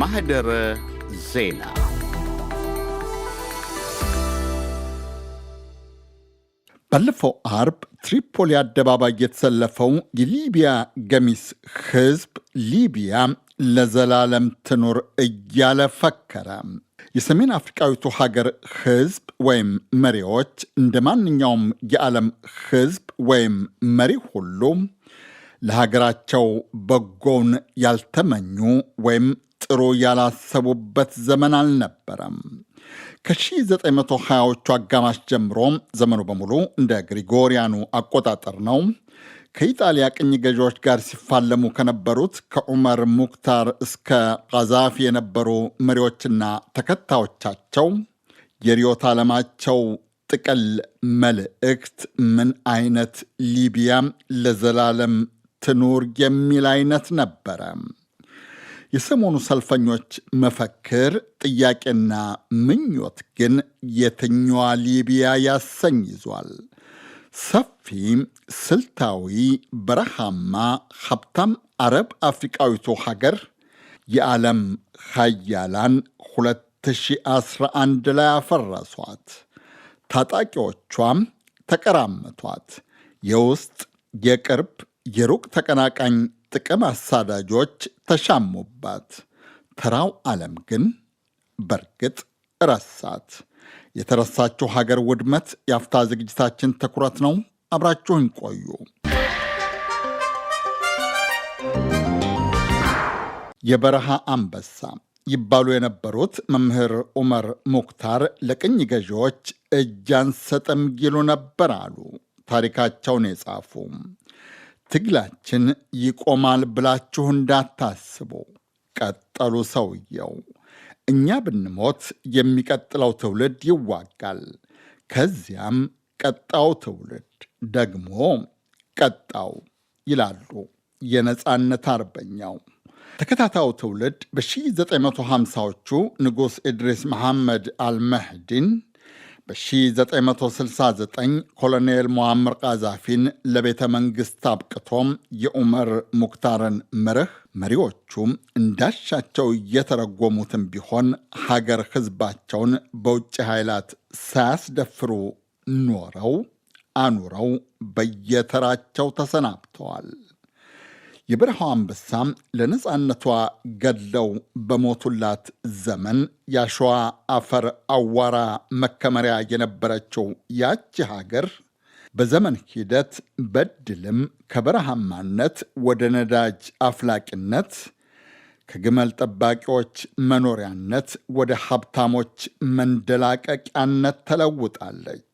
ማህደረ ዜና ባለፈው አርብ ትሪፖሊ አደባባይ የተሰለፈው የሊቢያ ገሚስ ህዝብ ሊቢያ ለዘላለም ትኑር እያለ ፈከረ። የሰሜን አፍሪካዊቱ ሀገር ህዝብ ወይም መሪዎች እንደ ማንኛውም የዓለም ህዝብ ወይም መሪ ሁሉ ለሀገራቸው በጎውን ያልተመኙ ወይም ጥሩ ያላሰቡበት ዘመን አልነበረም። ከ1920ዎቹ አጋማሽ ጀምሮ ዘመኑ በሙሉ እንደ ግሪጎሪያኑ አቆጣጠር ነው። ከኢጣሊያ ቅኝ ገዢዎች ጋር ሲፋለሙ ከነበሩት ከዑመር ሙክታር እስከ ቀዛፊ የነበሩ መሪዎችና ተከታዮቻቸው የርዕዮተ ዓለማቸው ጥቅል መልእክት ምን አይነት ሊቢያ ለዘላለም ትኑር የሚል አይነት ነበረ። የሰሞኑ ሰልፈኞች መፈክር ጥያቄና ምኞት ግን የትኛዋ ሊቢያ ያሰኝ ይዟል። ሰፊ፣ ስልታዊ፣ በረሃማ፣ ሀብታም አረብ አፍሪቃዊቱ ሀገር የዓለም ሀያላን 2011 ላይ አፈረሷት። ታጣቂዎቿም ተቀራመቷት። የውስጥ የቅርብ የሩቅ ተቀናቃኝ ጥቅም አሳዳጆች ተሻሙባት። ተራው ዓለም ግን በርግጥ ረሳት። የተረሳችው ሀገር ውድመት የአፍታ ዝግጅታችን ትኩረት ነው። አብራችሁን ቆዩ። የበረሃ አንበሳ ይባሉ የነበሩት መምህር ዑመር ሙክታር ለቅኝ ገዢዎች እጅ አንሰጥም ይሉ ነበር አሉ ታሪካቸውን የጻፉ ትግላችን ይቆማል ብላችሁ እንዳታስቡ ቀጠሉ ሰውየው። እኛ ብንሞት የሚቀጥለው ትውልድ ይዋጋል። ከዚያም ቀጣው ትውልድ ደግሞ ቀጣው ይላሉ የነፃነት አርበኛው። ተከታታዩ ትውልድ በ1950ዎቹ ንጉሥ ኢድሪስ መሐመድ አልመህዲን በ1969 ኮሎኔል ሞሐመር ቃዛፊን ለቤተ መንግሥት አብቅቶም የኡመር ሙክታርን መርህ መሪዎቹም እንዳሻቸው እየተረጎሙትም ቢሆን ሀገር ሕዝባቸውን በውጭ ኃይላት ሳያስደፍሩ ኖረው አኑረው በየተራቸው ተሰናብተዋል። የበረሃው አንበሳም ለነፃነቷ ገድለው በሞቱላት ዘመን ያሸዋ አፈር አዋራ መከመሪያ የነበረችው ያቺ ሀገር በዘመን ሂደት በድልም ከበረሃማነት ወደ ነዳጅ አፍላቂነት ከግመል ጠባቂዎች መኖሪያነት ወደ ሀብታሞች መንደላቀቂያነት ተለውጣለች።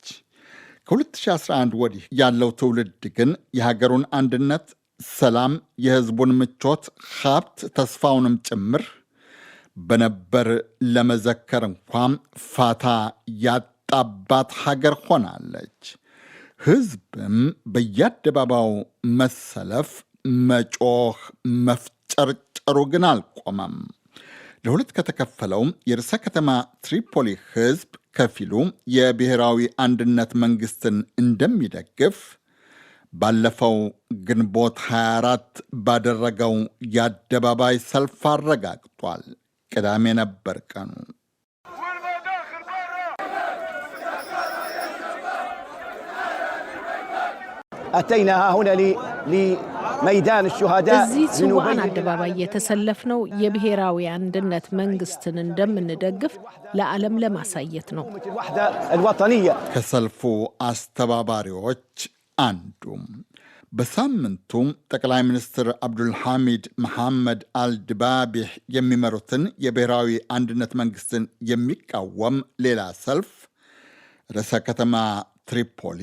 ከ2011 ወዲህ ያለው ትውልድ ግን የሀገሩን አንድነት ሰላም፣ የህዝቡን ምቾት፣ ሀብት፣ ተስፋውንም ጭምር በነበር ለመዘከር እንኳም ፋታ ያጣባት ሀገር ሆናለች። ህዝብም በየአደባባዩ መሰለፍ፣ መጮህ፣ መፍጨርጨሩ ግን አልቆመም። ለሁለት ከተከፈለው የርዕሰ ከተማ ትሪፖሊ ህዝብ ከፊሉ የብሔራዊ አንድነት መንግስትን እንደሚደግፍ ባለፈው ግንቦት 24 ባደረገው የአደባባይ ሰልፍ አረጋግጧል። ቅዳሜ ነበር ቀኑ። እዚህ ጽዋን አደባባይ ነው። የብሔራዊ አንድነት መንግስትን እንደምንደግፍ ለዓለም ለማሳየት ነው። ከሰልፉ አስተባባሪዎች አንዱ በሳምንቱ ጠቅላይ ሚኒስትር አብዱልሐሚድ መሐመድ አልድባቢህ የሚመሩትን የብሔራዊ አንድነት መንግስትን የሚቃወም ሌላ ሰልፍ ርዕሰ ከተማ ትሪፖሊ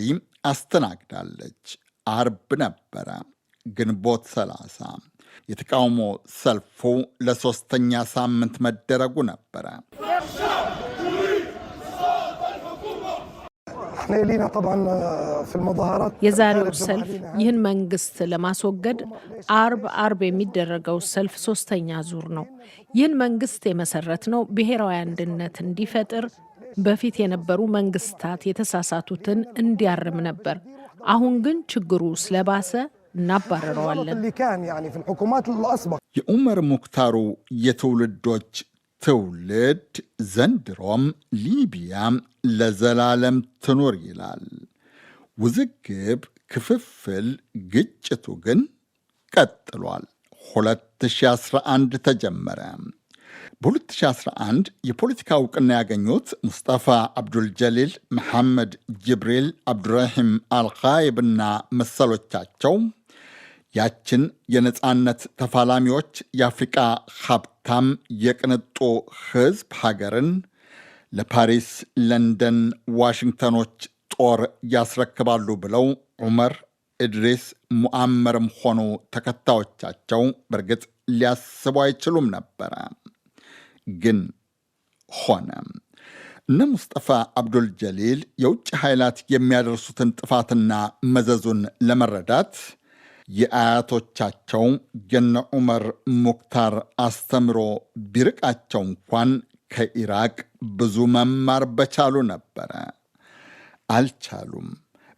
አስተናግዳለች። አርብ ነበረ ግንቦት 30። የተቃውሞ ሰልፉ ለሶስተኛ ሳምንት መደረጉ ነበረ። የዛሬው ሰልፍ ይህን መንግስት ለማስወገድ አርብ አርብ የሚደረገው ሰልፍ ሶስተኛ ዙር ነው። ይህን መንግስት የመሰረት ነው ብሔራዊ አንድነት እንዲፈጥር በፊት የነበሩ መንግስታት የተሳሳቱትን እንዲያርም ነበር። አሁን ግን ችግሩ ስለባሰ እናባረረዋለን። የኡመር ሙክታሩ የትውልዶች ትውልድ ዘንድሮም ሊቢያ ለዘላለም ትኖር ይላል። ውዝግብ፣ ክፍፍል፣ ግጭቱ ግን ቀጥሏል። 2011 ተጀመረ። በ2011 የፖለቲካ እውቅና ያገኙት ሙስጠፋ አብዱልጀሊል፣ መሐመድ ጅብሪል፣ አብዱራሂም አልካይብና መሰሎቻቸው ያችን የነፃነት ተፋላሚዎች የአፍሪቃ ሀብታም የቅንጦ ህዝብ ሀገርን ለፓሪስ፣ ለንደን፣ ዋሽንግተኖች ጦር ያስረክባሉ ብለው ዑመር እድሪስ ሙአመርም ሆኑ ተከታዮቻቸው በእርግጥ ሊያስቡ አይችሉም ነበረ። ግን ሆነ። እነ ሙስጠፋ አብዱል ጀሊል የውጭ ኃይላት የሚያደርሱትን ጥፋትና መዘዙን ለመረዳት የአያቶቻቸው የነ ዑመር ሙክታር አስተምሮ ቢርቃቸው እንኳን ከኢራቅ ብዙ መማር በቻሉ ነበረ። አልቻሉም።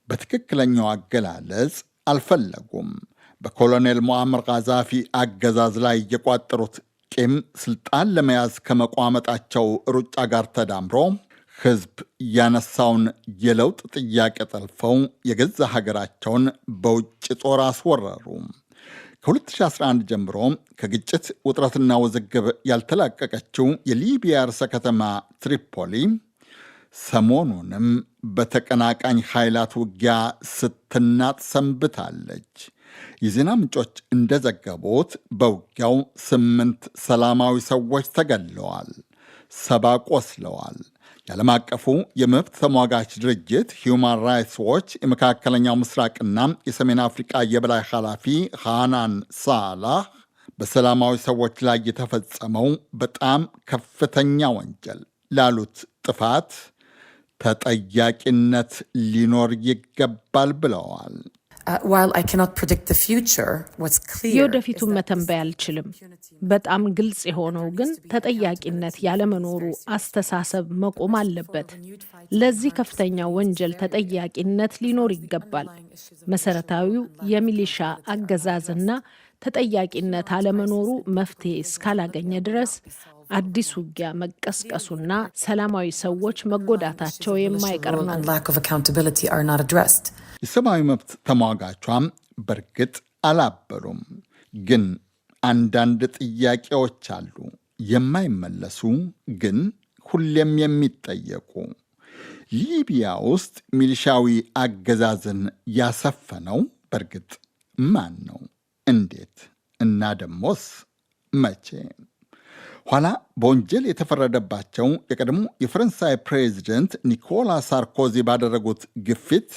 በትክክለኛው አገላለጽ አልፈለጉም። በኮሎኔል ሞአምር ቃዛፊ አገዛዝ ላይ የቋጠሩት ቂም ስልጣን ለመያዝ ከመቋመጣቸው ሩጫ ጋር ተዳምሮ ህዝብ ያነሳውን የለውጥ ጥያቄ ጠልፈው የገዛ ሀገራቸውን በውጭ ጦር አስወረሩ። ከ2011 ጀምሮ ከግጭት ውጥረትና ውዝግብ ያልተላቀቀችው የሊቢያ ርዕሰ ከተማ ትሪፖሊ ሰሞኑንም በተቀናቃኝ ኃይላት ውጊያ ስትናጥ ሰንብታለች። የዜና ምንጮች እንደዘገቡት በውጊያው ስምንት ሰላማዊ ሰዎች ተገለዋል ሰባ ቆስለዋል። የዓለም አቀፉ የመብት ተሟጋች ድርጅት ሂዩማን ራይትስ ዎች የመካከለኛው ምስራቅና የሰሜን አፍሪቃ የበላይ ኃላፊ ሃናን ሳላህ በሰላማዊ ሰዎች ላይ የተፈጸመው በጣም ከፍተኛ ወንጀል ላሉት ጥፋት ተጠያቂነት ሊኖር ይገባል ብለዋል። uh, የወደፊቱን መተንበይ አልችልም። በጣም ግልጽ የሆነው ግን ተጠያቂነት ያለመኖሩ አስተሳሰብ መቆም አለበት። ለዚህ ከፍተኛ ወንጀል ተጠያቂነት ሊኖር ይገባል። መሰረታዊው የሚሊሻ አገዛዝና ተጠያቂነት አለመኖሩ መፍትሄ እስካላገኘ ድረስ አዲስ ውጊያ መቀስቀሱና ሰላማዊ ሰዎች መጎዳታቸው የማይቀር ነው። የሰብአዊ መብት ተሟጋቿም በእርግጥ አላበሩም ግን አንዳንድ ጥያቄዎች አሉ፣ የማይመለሱ ግን ሁሌም የሚጠየቁ። ሊቢያ ውስጥ ሚሊሻዊ አገዛዝን ያሰፈነው በእርግጥ ማን ነው? እንዴት? እና ደሞስ መቼ? ኋላ በወንጀል የተፈረደባቸው የቀድሞ የፈረንሳይ ፕሬዚደንት ኒኮላ ሳርኮዚ ባደረጉት ግፊት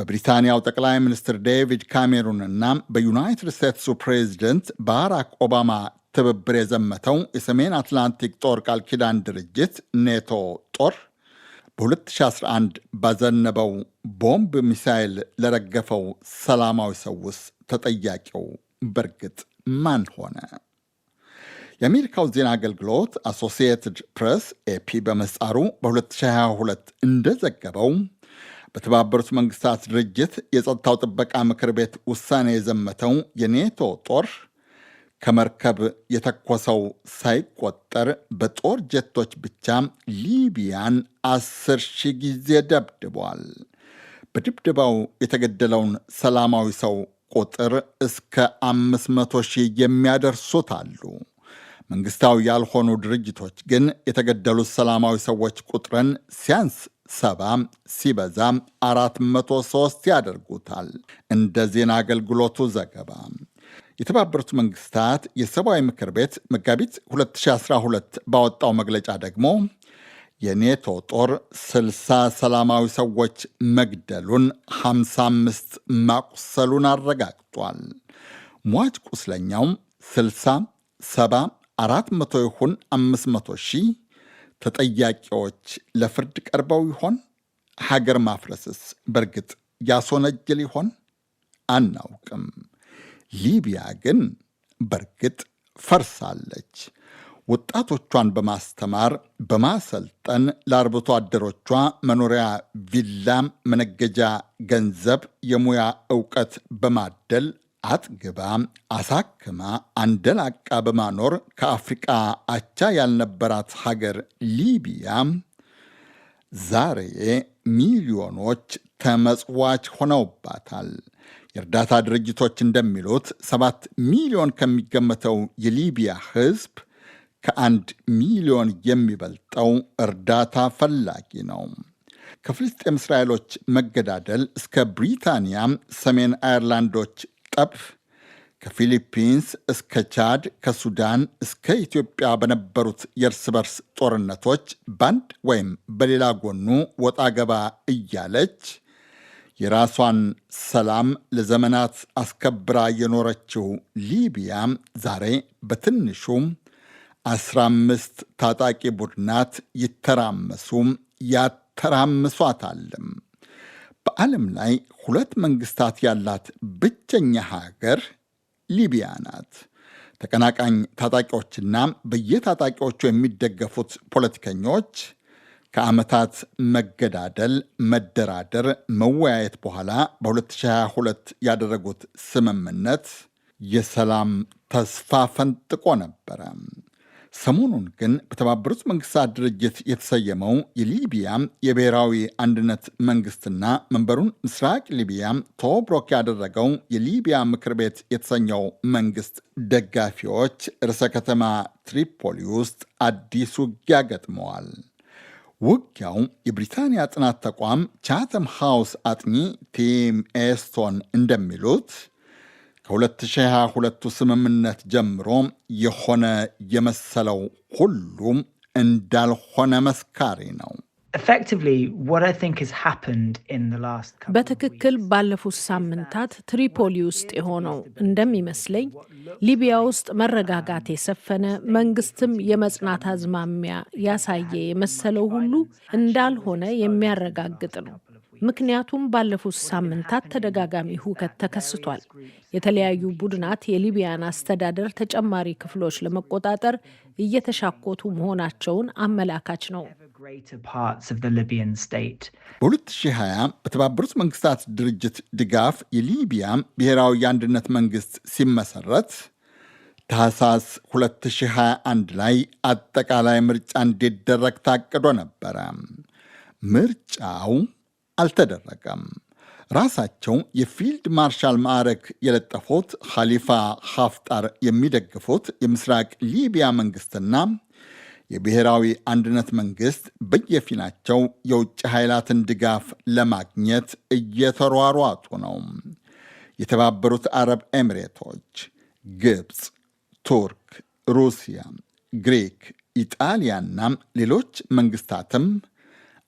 በብሪታንያው ጠቅላይ ሚኒስትር ዴቪድ ካሜሩን እና በዩናይትድ ስቴትሱ ፕሬዚደንት ባራክ ኦባማ ትብብር የዘመተው የሰሜን አትላንቲክ ጦር ቃል ኪዳን ድርጅት ኔቶ ጦር በ2011 ባዘነበው ቦምብ ሚሳይል ለረገፈው ሰላማዊ ሰውስ ተጠያቂው በእርግጥ ማን ሆነ? የአሜሪካው ዜና አገልግሎት አሶሲየትድ ፕሬስ ኤፒ በመጻሩ በ2022 እንደዘገበው በተባበሩት መንግስታት ድርጅት የጸጥታው ጥበቃ ምክር ቤት ውሳኔ የዘመተው የኔቶ ጦር ከመርከብ የተኮሰው ሳይቆጠር በጦር ጀቶች ብቻ ሊቢያን አስር ሺህ ጊዜ ደብድቧል። በድብደባው የተገደለውን ሰላማዊ ሰው ቁጥር እስከ አምስት መቶ ሺህ የሚያደርሱት አሉ። መንግስታዊ ያልሆኑ ድርጅቶች ግን የተገደሉት ሰላማዊ ሰዎች ቁጥርን ሲያንስ ሰባ ሲበዛ 403 ያደርጉታል። እንደ ዜና አገልግሎቱ ዘገባ የተባበሩት መንግስታት የሰብአዊ ምክር ቤት መጋቢት 2012 ባወጣው መግለጫ ደግሞ የኔቶ ጦር 60 ሰላማዊ ሰዎች መግደሉን፣ 55 ማቁሰሉን አረጋግጧል። ሟች ቁስለኛውም 60፣ 70፣ 400 ይሁን 500 ሺህ ተጠያቂዎች ለፍርድ ቀርበው ይሆን? ሀገር ማፍረስስ በእርግጥ ያስወነጅል ይሆን? አናውቅም። ሊቢያ ግን በእርግጥ ፈርሳለች። ወጣቶቿን በማስተማር በማሰልጠን ለአርብቶ አደሮቿ መኖሪያ ቪላም፣ መነገጃ ገንዘብ፣ የሙያ እውቀት በማደል አጥግባ አሳክማ አንደላቃ በማኖር ከአፍሪቃ አቻ ያልነበራት ሀገር ሊቢያ ዛሬ ሚሊዮኖች ተመጽዋች ሆነውባታል። የእርዳታ ድርጅቶች እንደሚሉት ሰባት ሚሊዮን ከሚገመተው የሊቢያ ሕዝብ ከአንድ ሚሊዮን የሚበልጠው እርዳታ ፈላጊ ነው። ከፍልስጤም እስራኤሎች መገዳደል እስከ ብሪታንያ፣ ሰሜን አየርላንዶች ጠብ ከፊሊፒንስ እስከ ቻድ ከሱዳን እስከ ኢትዮጵያ በነበሩት የእርስ በርስ ጦርነቶች በአንድ ወይም በሌላ ጎኑ ወጣ ገባ እያለች የራሷን ሰላም ለዘመናት አስከብራ የኖረችው ሊቢያ ዛሬ በትንሹ አስራ አምስት ታጣቂ ቡድናት ይተራመሱ ያተራምሷታልም። በዓለም ላይ ሁለት መንግስታት ያላት ብቸኛ ሀገር ሊቢያ ናት። ተቀናቃኝ ታጣቂዎችና በየታጣቂዎቹ የሚደገፉት ፖለቲከኞች ከዓመታት መገዳደል፣ መደራደር፣ መወያየት በኋላ በ2022 ያደረጉት ስምምነት የሰላም ተስፋ ፈንጥቆ ነበረ። ሰሞኑን ግን በተባበሩት መንግስታት ድርጅት የተሰየመው የሊቢያ የብሔራዊ አንድነት መንግስትና መንበሩን ምስራቅ ሊቢያ ቶብሮክ ያደረገው የሊቢያ ምክር ቤት የተሰኘው መንግስት ደጋፊዎች ርዕሰ ከተማ ትሪፖሊ ውስጥ አዲስ ውጊያ ገጥመዋል። ውጊያው የብሪታንያ ጥናት ተቋም ቻተም ሃውስ አጥኚ ቲም ኤስቶን እንደሚሉት ከ2022ቱ ስምምነት ጀምሮ የሆነ የመሰለው ሁሉም እንዳልሆነ መስካሪ ነው። በትክክል ባለፉት ሳምንታት ትሪፖሊ ውስጥ የሆነው እንደሚመስለኝ ሊቢያ ውስጥ መረጋጋት የሰፈነ መንግስትም የመጽናት አዝማሚያ ያሳየ የመሰለው ሁሉ እንዳልሆነ የሚያረጋግጥ ነው። ምክንያቱም ባለፉት ሳምንታት ተደጋጋሚ ሁከት ተከስቷል። የተለያዩ ቡድናት የሊቢያን አስተዳደር ተጨማሪ ክፍሎች ለመቆጣጠር እየተሻኮቱ መሆናቸውን አመላካች ነው። በ2020 በተባበሩት መንግስታት ድርጅት ድጋፍ የሊቢያ ብሔራዊ የአንድነት መንግስት ሲመሰረት ታህሳስ 2021 ላይ አጠቃላይ ምርጫ እንዲደረግ ታቅዶ ነበረ። ምርጫው አልተደረገም። ራሳቸው የፊልድ ማርሻል ማዕረግ የለጠፉት ኻሊፋ ሀፍጣር የሚደግፉት የምስራቅ ሊቢያ መንግስትና የብሔራዊ አንድነት መንግስት በየፊናቸው የውጭ ኃይላትን ድጋፍ ለማግኘት እየተሯሯጡ ነው። የተባበሩት አረብ ኤሚሬቶች፣ ግብፅ፣ ቱርክ፣ ሩሲያ፣ ግሪክ፣ ኢጣሊያና ሌሎች መንግስታትም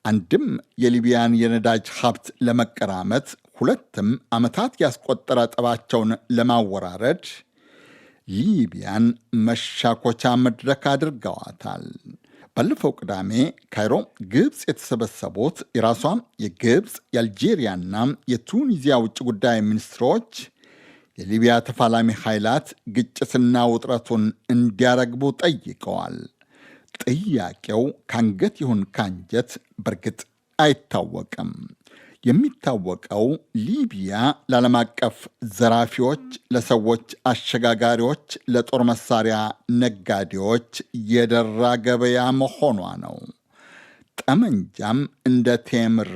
አንድም የሊቢያን የነዳጅ ሀብት ለመቀራመት፣ ሁለትም ዓመታት ያስቆጠረ ጠባቸውን ለማወራረድ ሊቢያን መሻኮቻ መድረክ አድርገዋታል። ባለፈው ቅዳሜ ካይሮ ግብፅ የተሰበሰቡት የራሷም የግብፅ የአልጄሪያና የቱኒዚያ ውጭ ጉዳይ ሚኒስትሮች የሊቢያ ተፋላሚ ኃይላት ግጭትና ውጥረቱን እንዲያረግቡ ጠይቀዋል። ጥያቄው ካንገት ይሁን ካንጀት በእርግጥ አይታወቅም። የሚታወቀው ሊቢያ ለዓለም አቀፍ ዘራፊዎች፣ ለሰዎች አሸጋጋሪዎች፣ ለጦር መሳሪያ ነጋዴዎች የደራ ገበያ መሆኗ ነው። ጠመንጃም እንደ ቴምር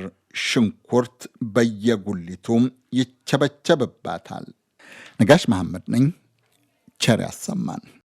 ሽንኩርት በየጉሊቱ ይቸበቸብባታል። ነጋሽ መሐመድ ነኝ። ቸር ያሰማን።